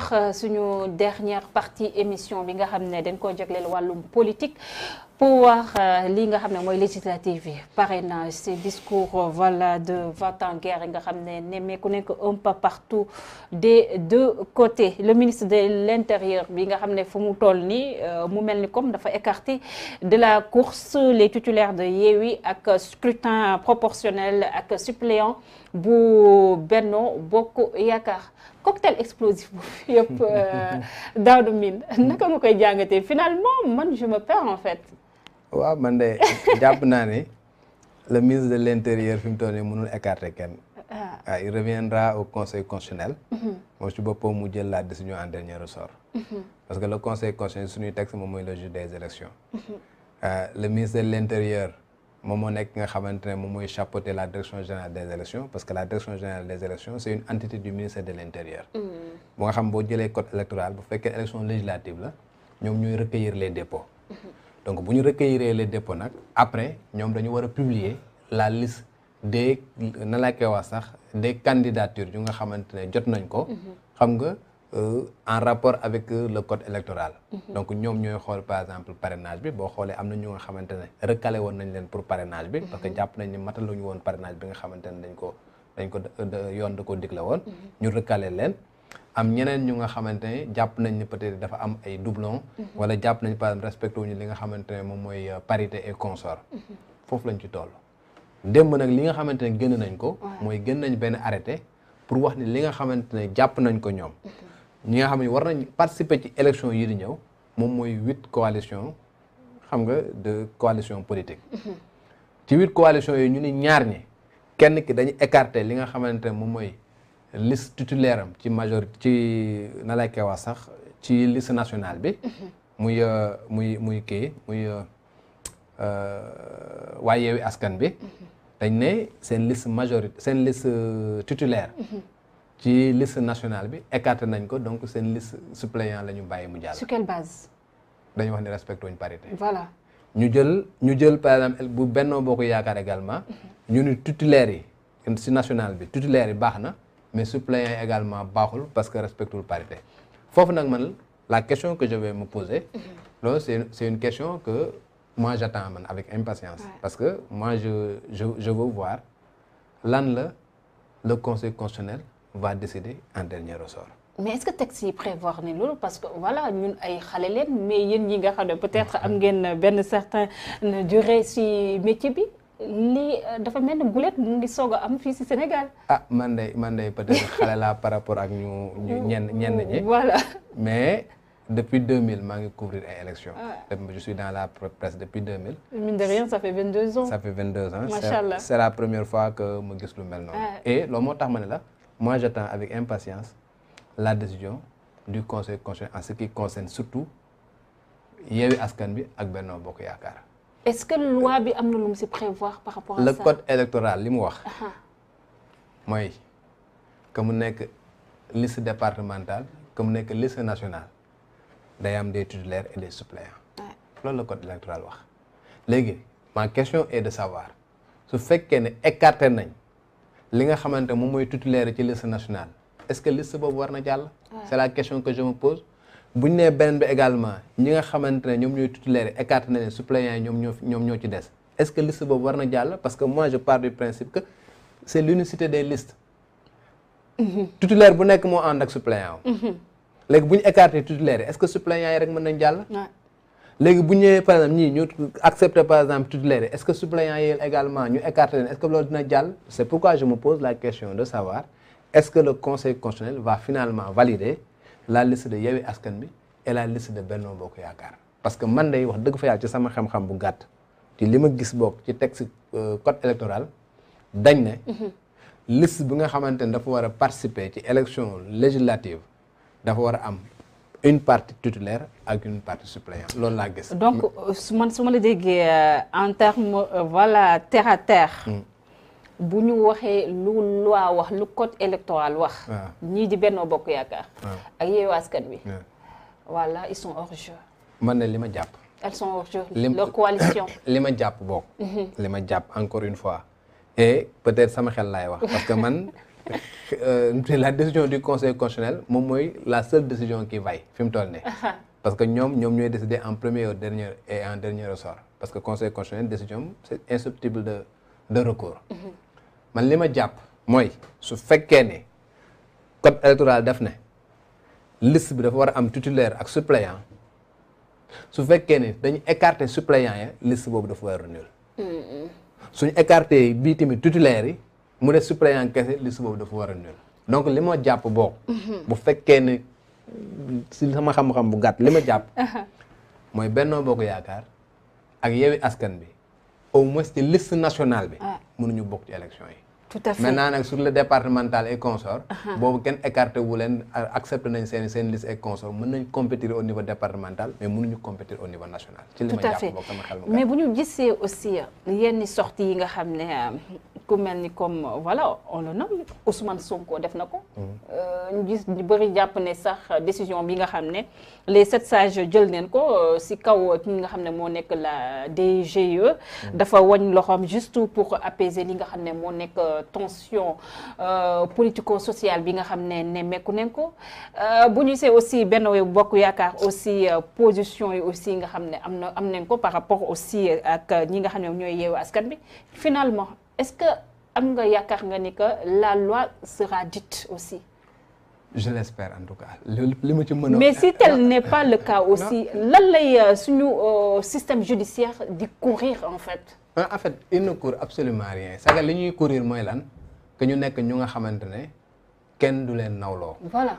wax euh, suñu dernière partie émission bi nga xam ne dañ koo jagleel wàllum politique pour wax euh, lii nga xam ne mooy législative yi parrainage ces discours euh, voilà de vingt ans guerre nga xam ne nemmeeku nekk un peu partout des deux côtés le ministre de l'intérieur bi nga xam ne fu mu toll nii euh, mu mel ni comme dafa écarté de la course les titulaires de Yewwi ak scrutin proportionnel ak suppléant bu Benno Bokk Yaakaar cocktail explosif boobu yëpp Daouda Mine naka nga koy jàngatee finalement man je me perds en fait waaw man de jàpp naa ne le ministre de l' intérieur fi mu toll nii mënul écarter kenn. waaw ah. ah, il reviendra au conseil constitutionnel. Mm-hmm. moom si boppam mu jël la décision en dernier ressort. Mm-hmm. parce que le conseil constitutionnel suñuy texte moom mooy le juge mm-hmm. ah, le ministre de l' intérieur moom moo nekk nga xamante ne moom mooy chapeauter la direction générale des élections parce que la direction générale des élections c' est une entité du ministère de l' intérieur. nga xam boo jëlee code électoral bu fekkee élection législative la ñoom ñooy recueillir les dépôts. donc bu ñu recueillir les dépôts nag après ñoom dañu war a publier la liste des na laa sax des candidatures yu nga xamante ne jot nañ ko. Mhm. xam nga euh, en rapport avec euh, le code électoral. Mhm. donc ñoom ñooy xool par exemple parrainage bi boo xoolee am na ñu nga xamante ne recalé woon nañ leen pour parrainage bi. parce que mhm. jàpp nañ ne mataluñu woon parrainage bi nga xamante ne dañ ko dañ ko euh, yoon da ko digle woon. ñu rëkkale leen. am ñeneen ñu nga xamante ne jàpp nañ ne peut-être dafa am ay doublon mhm. wala jàpp nañ par exemple respecté wuñu li nga xamante ne moom mooy euh, parité et consort mhm. foofu lañ ci toll démb nag li nga xamante ne gën nañ ko mooy gën nañ benn arrêté pour wax ni li nga xamante ne jàpp nañ ko ñoom mhm. ñi nga xam ne war nañ participer ci élection yi di ñëw moom mooy huit coalition xam nga de coalition politique ci huit coalition yi ñu ni ñaar ñi kenn ki dañu écarté li nga xamante ne moom mooy list titulaire am ci majorité ci na lay sax ci liste nationale bi. Mhm. muy euh, muy muy kii muy euh, euh, waaye Yewwi Askan bi. Mhm. dañ ne seen liste majorité seen liste titulaire. Mhm. ci liste nationale bi écarté nañ ko donc seen liste suppléant la ñu bàyyi mu jàll. sur quelle base. dañu wax ni respecté wuñ parité. ñu jël ñu jël par exemple bu Benno Bokk Yaakaar également. ñu ni titulaire yi si nationale bi titulaire yi baax na. mais suppléant yi également baaxul parce que respectul parité foofu nag man la question que je vais me poser mhm. loolu c'est une question que moi j'attends man avec impatience parce que moi je je je veux voir lan la le conseil constitutionnel va décider en dernier ressort mais est-ce que texte yi prévoir ne loolu parce que voilà ñun ay xale leen mais yéen ñi nga xam ne peut-être am ngeen benn certain durée ci métier bi lii euh, dafa mel ni gulet mu ngi soog am fii si Sénégal. ah man de man day peut-être xale laa par rapport ak ñu ñenn ñenn ñi. voilà mais depuis 2000 maa ngi couvrir ay élections. Ah. je suis dans la presse depuis 2000. mine de rien ça fait 22 ans. ça fait 22 ans macha allah c'est première fois que ma gis lu mel noonu. Ah. et loolu moo tax ma ne la je j'attends avec impatience la décision du conseil constitutionnel en ce qui concerne surtout Yewwi Askan Wi ak Benno Bokk Yaakaar. est-ce que loi bi am na lu mu si prévoir par rapport à code électoral li mu wax. Ah ah. mooy que mu nekk liste départementale que nekk liste nationale day am des titulaires et des suppléants. loolu la code électoral wax léegi ma question est de savoir su fekkee ne écarté nañ li nga xamante moom mooy titulaire ci liste nationale est-ce que liste boobu war na jàll. c'est la question que je me pose. bu ñu nee beneen bi également ñi nga xamante ne ñoom ñooy titulaire écarté na leen suppléants yi ñoom ñoo ñoom ñoo ci des est-ce que liste boobu war na jàll parce que moi je pars du principe que c'est l'unicité des listes mm-hmm. titulaire bu nekk moo ànd ak suppléant mm-hmm. léegi bu ñu écarté titulaire yi est-ce que suppléants yi rek mën nañ jàll léegi bu ñëwee par exemple ñii ñu accepté par exemple titulaire est-ce que suppléants yi également ñu écarté leen est-ce que loolu dina jàll c'est pourquoi je me pose la question de savoir est-ce la liste de Yewwi Askan Wi et la liste de Benno Bokk Yaakaar parce que man day wax dëgg fa yàlla ci sama xam-xam bu gàtt te li ma gis bokk ci texte euh, code électoral dañ ne liste bi nga xamante ne dafa war a participer ci élection législative dafa war a am une partie titulaire ak une partie suppléante loolu laa gis donc euh, man su ma la déggee euh, en terme voilà terre terre hmm. bu ñu waxee lu loi wax lu code électoral wax. Ah. ñii di Benno Bokk Yaakaar. Ah. ak Yewwi Askan Wi. voilà ils sont hors man na li ma jàpp. elles sont hors jeu. leur coalition. li ma jàpp bokk. Mhm. li ma jàpp encore une fois. et peut-être sama xel laay wax parce que man. Euh, la décision du conseil constitutionnel moom mooy la seule décision qui vaille fi mu toll ne parce que ñoom ñoom ñooy décider en premier au dernier et en dernier ressort parce que conseil constitutionnel décision c'est de de recours. Mhm. man li ma jàpp mooy su fekkee ne code électoral def ne liste bi dafa war a am titulaire ak suppléant su fekkee ne dañu écarter suppléant ya liste boobu dafa war a nul suñu écarter bii tamit titulaire yi mu ne suppléant kese liste boobu dafa war a nul donc li ma jàpp boo mm-hmm. bu fekkee ne si sama xam-xam bu gàtt li ma jàpp uh-huh. mooy Benno Bokk Yaakaar ak Yewwi Askan bi au moins ci liste nationale bi ah. mënuñu bokk ci élection yi tout à fait maintenant nag sur le départemental et consort boobu kenn écarté wu leen accepté nañ seen seen consort mën nañ compétir au niveau départemental mais mënuñu compétir au niveau national. ci li ma mais bu ñu gisee aussi yenn sorties yi nga xam ne. Euh, ku mel ni comme euh, voilà on le nomme Ousmane Sonko def na ko. Mhm. Euh, ñu gis ñu bëri jàpp ne sax décision bi nga xam ne les sept sages jël neen ko euh, si kaw ki nga xam ne moo nekk la DGE. Mhm. dafa wañ loxoom juste pour apaiser li nga xam ne moo nekk tension politico-sociale bi nga xam ne nemmeeku neen ko bu ñu see aussi benn wee bokk yaakaar aussi position yi aussi nga xam ne am na am nañ ko par rapport aussi ak ñi nga xam ne ñooy yeewu askan bi finalement. est-ce que am nga yaakaar nga ni que la loi sera dite aussi. je l'espère en tout cas li ma ci mën a. mais si tel n'est pas le cas aussi lan lay euh, suñu euh, système judiciaire di courir en fait. Euh, en fait il ne court absolument rien saga li ñuy courir mooy lan que ñu nekk ñu nga xamante ne kenn du leen nawloo. voilà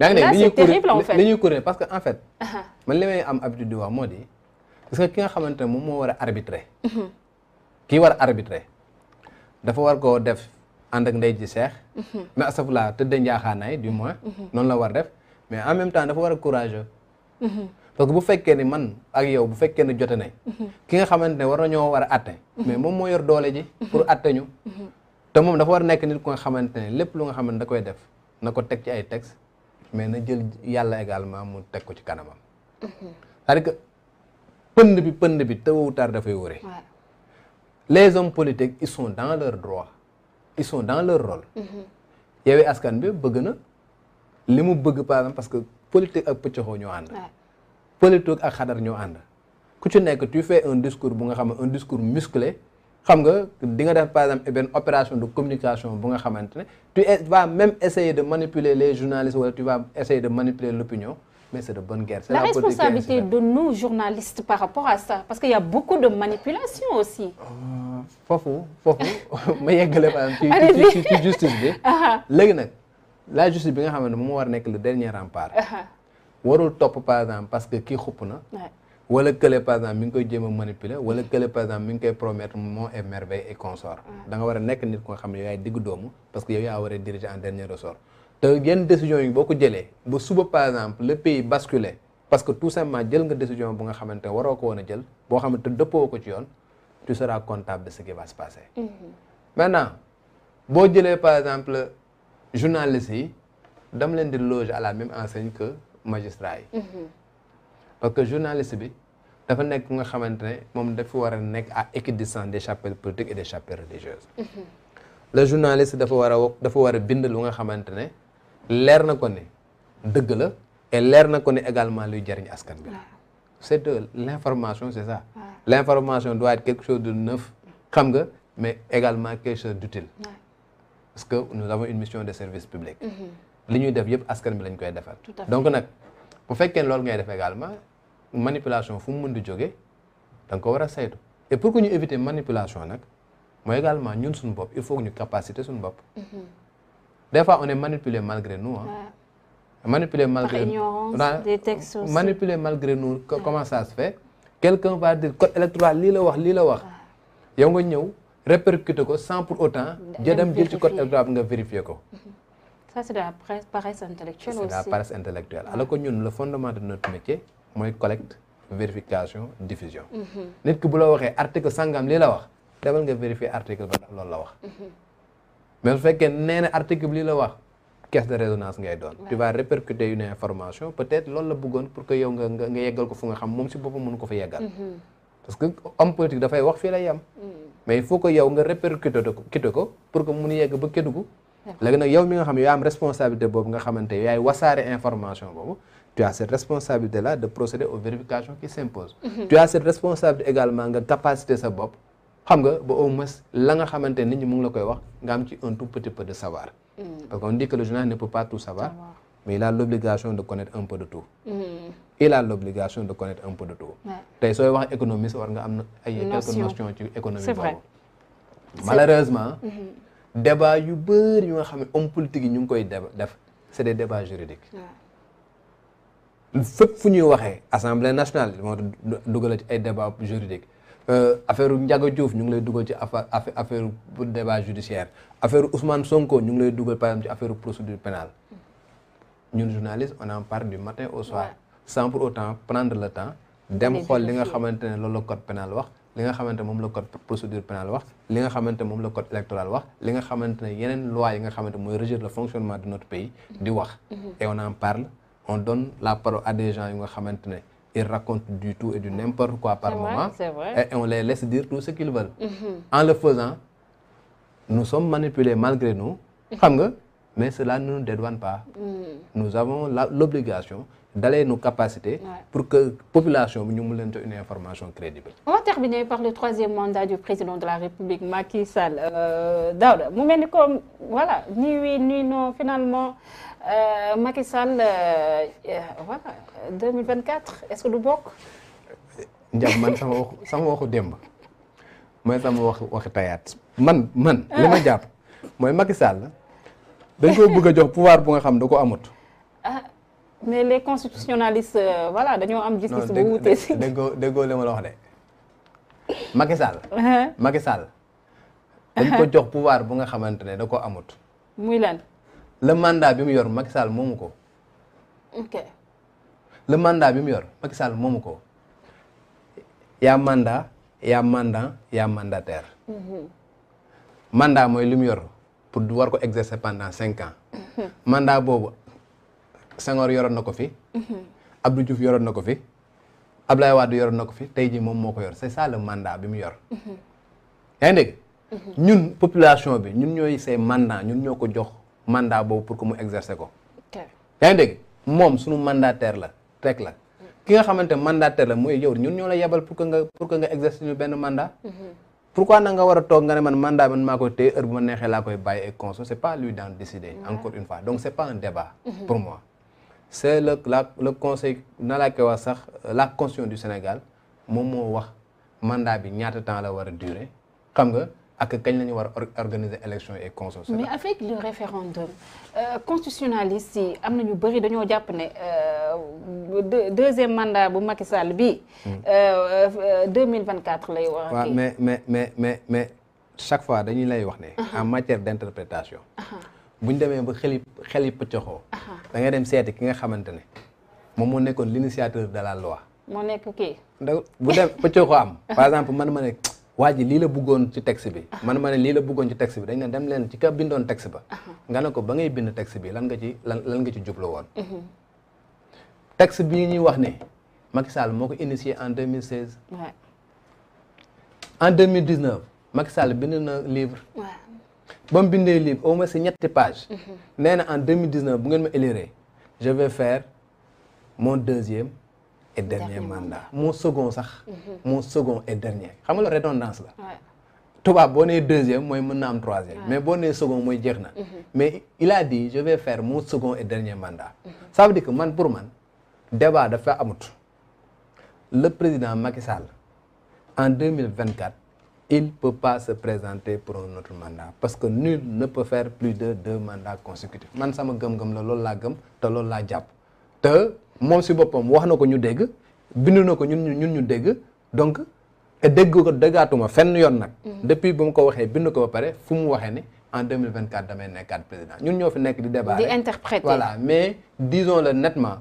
yaa ngi dégg li ñuy courir ñuy courir parce que en fait. Uh-huh. ma li may am habitude di wax moo di parce que ki nga xamante ne moom moo war a arbitrer. Mm-hmm. kii war a dafa war koo def ànd ak ndey ji seex na te tëdde njaaxaanaay du moins mhm. Mhm. noonu la war def mais en même temps dafa war a courageux mhm. parce que bu fekkee ni man ak yow bu fekkee ni jote nañ ki nga xamante ne war na ñoo war a atte mais moom moo yor doole ji pour atte ñu te moom dafa war a nekk nit ku nga xamante ne lépp lu nga xamante da koy def na ko teg ci ay texte mais na jël yàlla également mu teg ko ci kanamam c'est-à-dire que pënd bi pënd bi tôt ou tard dafay wóore les hommes politiques ils sont dans leur droit ils sont dans leur role mhm. Yewwi Askan bi bëgg na li mu bëgg par exemple parce que politique ak pëccaxoo ñoo ànd politique ak xadar ñoo ànd ku ci nekk tu fais un discours bu nga xam ne un discours musclé xam nga di nga def par exemple benn opération de communication bu nga xamante ne tu vas même essayer de manipuler les journalistes wala tu vas essayer de manipuler l'opinion mais c'est de bonne guerre. La, la responsabilité de nous, journalistes, par rapport à ça, parce qu'il y a beaucoup de manipulation aussi. Euh, foofu foofu ma yeggale maanaam ci ci justice bi. léegi nag la justice bi nga xam ne moom war nekk le dernier rempart. warul topp par exemple parce que kii xupp na. wala kële par exemple mi ngi koy jéem a manipuler wala kële par exemple mi ngi koy promettre mon et merveille et consort. da nga war nekk nit ko nga xam ne yow yaay diggu doomu parce que yaa war a diriger te yenn décision yi boo ko jëlee ba suba par exemple le pays basculé parce que tout simplement jël nga décision bu nga xamante ne waroo ko woon a jël boo xamante dëppoo ko ci yoon tu seras comptable de ce qui va passer. Mm -hmm. boo jëlee par exemple journalistes yi dama leen di loge à la même enseigne que magistrats yi. Mm-hmm. parce que journaliste bi dafa nekk nga xamante ne moom dafa war a nekk a équidistance des chapelles politiques et des chapelles religieuses. Mm-hmm. le journaliste dafa war a dafa war a bind lu nga xamante ne. leer na ko ne dëgg la et leer na ko ne également luy jariñ askan bi c'est de l'information c'est ça l'information doit être quelque chose de neuf xam nga mais également quelque chose d'utile parce que nous avons une mission de service public mm-hmm. li ñuy def yëpp askan bi lañ koy defal donc nag bu fekkee loolu ngay def également manipulation fu mu mën di joge danga ko war a saytu et pour que ñu éviter manipulation nag mooy également ñun suñu bopp il faut ñu capacité suñu bopp mm-hmm. des fois on est manipulé malgré nous hein. Ouais. manipulé malgré Par ignorance, a, des textes aussi. manipulé malgré nous que, ouais. comment ça se fait quelqu'un va dire code électoral lii la wax lii la wax yow nga ñëw répercuter ko sans pour autant ja dem jël ci code électoral nga vérifier ko ça c'est de la paresse intellectuelle aussi. c'est de la paresse intellectuelle alors que fondement de notre métier mooy collecte vérification diffusion mhm. nit ki bu la waxee article sangam lii la wax demal nga vérifier article ba ndax loolu la wax mhm. mais su fekkee nee na article bi lii la wax caisse de résonance ngay doon tu vas répercuter une information peut-être loolu la bëggoon pour que yow nga nga yeggal ko fu nga xam moom si boppam mënu ko fa yeggal mm-hmm. parce que homme politique dafay wax fii lay yem mm. mais il faut que yow nga répercuter ko kite ko pour que mun yegg ba Kédougou léegi nag yow mi nga xam yaa am responsabilité boobu nga xamante yaay wasaare information boobu tu as cette responsabilité là de procéder aux vérifications mm-hmm. nga capacité sa bopp xam nga ba au moins la nga xamante nit ñi mu ngi la koy wax nga am ci un tout petit peu de savoir. Mm. parce qu'on dit que le journaliste ne peut pas tout savoir. mais il a l'obligation de connaître un peu de tout. Mm. il a l'obligation de connaître un peu de tout. wax économiste war nga am na. ay quelques notions ci économie boobu. malheureusement. Mm-hmm. débat yu bëri yu nga xam ne homme politique yi ñu ngi koy def c'est des débats juridiques. fépp fu ñuy waxee assemblée nationale moo tax dugalal ci ay débats juridiques. Euh, affaire Ndiaga Diouf ñu ngi lay dugal ci affaire affaire débat judiciaire affaire Ousmane Sonko ñu ngi lay dugal par exemple ci affaire procédure pénale ñun journaliste on en parle du matin au soir sans pour autant prendre le temps dem xool li nga xamante ne loolu la code pénal wax li nga xamante moom la code procédure pénale wax li nga xamante moom la code électoral wax li nga xamante ne yeneen loi yi nga xamante mooy régir le fonctionnement de notre pays di wax mm-hmm. et on en parle on donn la parole à yi nga xamante ne ils racontent du tout et du n'importe quoi par moment. Vrai, Et on laisse dire tout ce qu'ils veulent. Mhm. En le faisant, nous sommes manipulés malgré nous, mm -hmm. mais cela ne nous dédouane pas. Mm -hmm. Nous avons l'obligation dalee nos capacité pour que population bi ñu mu leen une information crédible. on va terminer par le troisième mandat du président de la République Macky Sall euh, Daouda mu mel ni comme voilà ni oui ni finalement euh, euh, euh est-ce que du bokk. Ndiaye man sama waxu sama waxu démb mooy sama waxu waxi tayaat man man. li ma ah. jàpp mooy Macky Sall dañ ko bëgg a jox pouvoir bu nga xam da ko amut. mais les constitutionnalistes euh, voilà dañoo am gis-gis bu wutee si déggoo déggoo li la wax de uh-huh. Macky Sall dañ ko jox pouvoir bu nga xamante ne da ko amut muy lan le mandat bi mu yor Macky Sall moomu ko ok le bi mu yor moomu ko yaa mandat yaa mandant yaa mandataire mm-hmm. mooy li yor pour du war ko exercer pendant cinq ans mm-hmm. mandat boobu Senghor yoroon na ko fi. Mhm. Abdou Diouf yoroon na ko fi. ab Ablaye du yoroon na ko fi tey jii moom moo ko yor c'est ça le bi mu yor. Mhm. yaa ngi mhm. ñun population bi ñun ñooy say mandat ñun ñoo ko jox mandat boobu pour que mu exercer ko. yaa ngi dégg moom sunu mandataire la rek la. ki nga xamante mandataire la mooy yow ñun ñoo la yebal pour que nga pour ñu benn mandat. pourquoi na nga war a toog nga ne man mandat man maa koy téye heure bu ma neexee laa koy bàyyi et c'est le la le conseil na laa koy wax sax la constitution du Sénégal moom moo wax mandat bi ñaata temps la war a durer xam nga ak kañ la ñu war a organiser élection et consorce mais avec le référendum euh, constitutionnaliste yi am na ñu bëri dañoo jàpp ne euh, deuxième mandat bu Macky Sall bi 2024 hmm. euh, lay war a mais mais mais mais mais chaque fois dañuy lay wax ne uh-huh. en matière d'interprétation uh -huh. bu ñu demee ba xel xeli xeli pëccoxoo da ngay dem seeti ki nga xamante ne moom moo nekkoon l'initiateur de la loi moo nekk kii ndax bu dem pëccoxoo am par exemple man ma ne waa ji lii la bëggoon ci texte bi man ma ne lii la bëggoon ci texte bi dañ ne dem leen ci ka bindoon texte ba nga ne ko ba ngay bind texte bi lan nga ci lan lan nga ci jublu woon mhm. texte bii ñuy wax ne Macky Sall moo ko initié en 2016 en 2019 Macky Sall bind na livre ouais. ba mu bindee livre au moins si ñetti page mhm. nee na en 2019 bu ngeen ma élire je vais fair mon deuxième et dernier mandat mon second sax mhm. mon second et dernier xam nga loolu redondance la tubaab boo nee deuxième mooy mën na am troisième mais boo nee second mooy jeex na mhm. mais il a dit je vais faire mon segon et dernier mandat ça veut que man pour man débat dafa amut le président Macky Sall en 2024 il ne peut pas se présenter pour un mandat parce que nu ne peut faire plus de deux mandats consécutifs man sama gëm-gëm la loolu laa gëm te loolu laa jàpp te moom si boppam wax na ko ñu dégg bindu na ko ñun ñun ñu dégg donc dégg ko déggaatuma fenn yoon nag. Mm. depuis bu mu ko waxee bind ko ba pare fu mu waxee ni en deux mille 2024 damay nekkaat président ñun ñoo fi nekk di débat di interpréter voilà mais disons-le nettement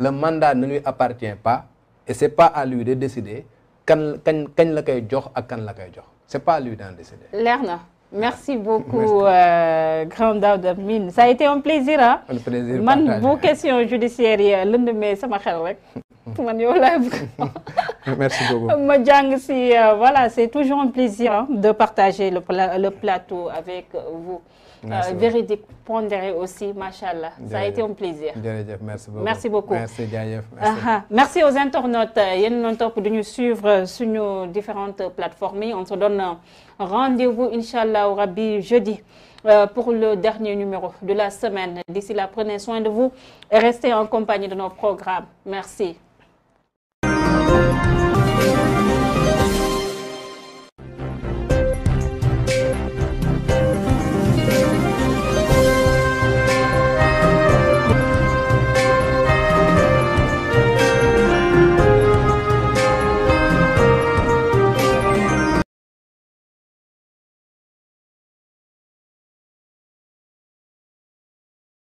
le mandat ne lui appartient pas et c'est pas à décider. kan kañ la koy jox a kan la koy jox c'est pas lui d'en décider. leer na merci beaucoup euh, grand Daouda Mine ça a été un plaisir ah. un plaisir man bu question judiciaire yi euh, lëndëmee sama xel rek. ma jàng si euh, voilà c'est toujours un plaisir hein, de partager le, pla le plateau avec vous. Euh, vérité pondéré aussi macha allah. ça a été un plaisir. merci beaucoup merci beaucoup. merci jaajëf merci aux internautes euh, yéen noon topp du suñu différentes plateformes yi on se donne rendez-vous incha allah rabbi jeudi. Euh, pour le dernier numéro de la semaine. D'ici la prenez soin de vous et restez en compagnie de nos programmes. Merci.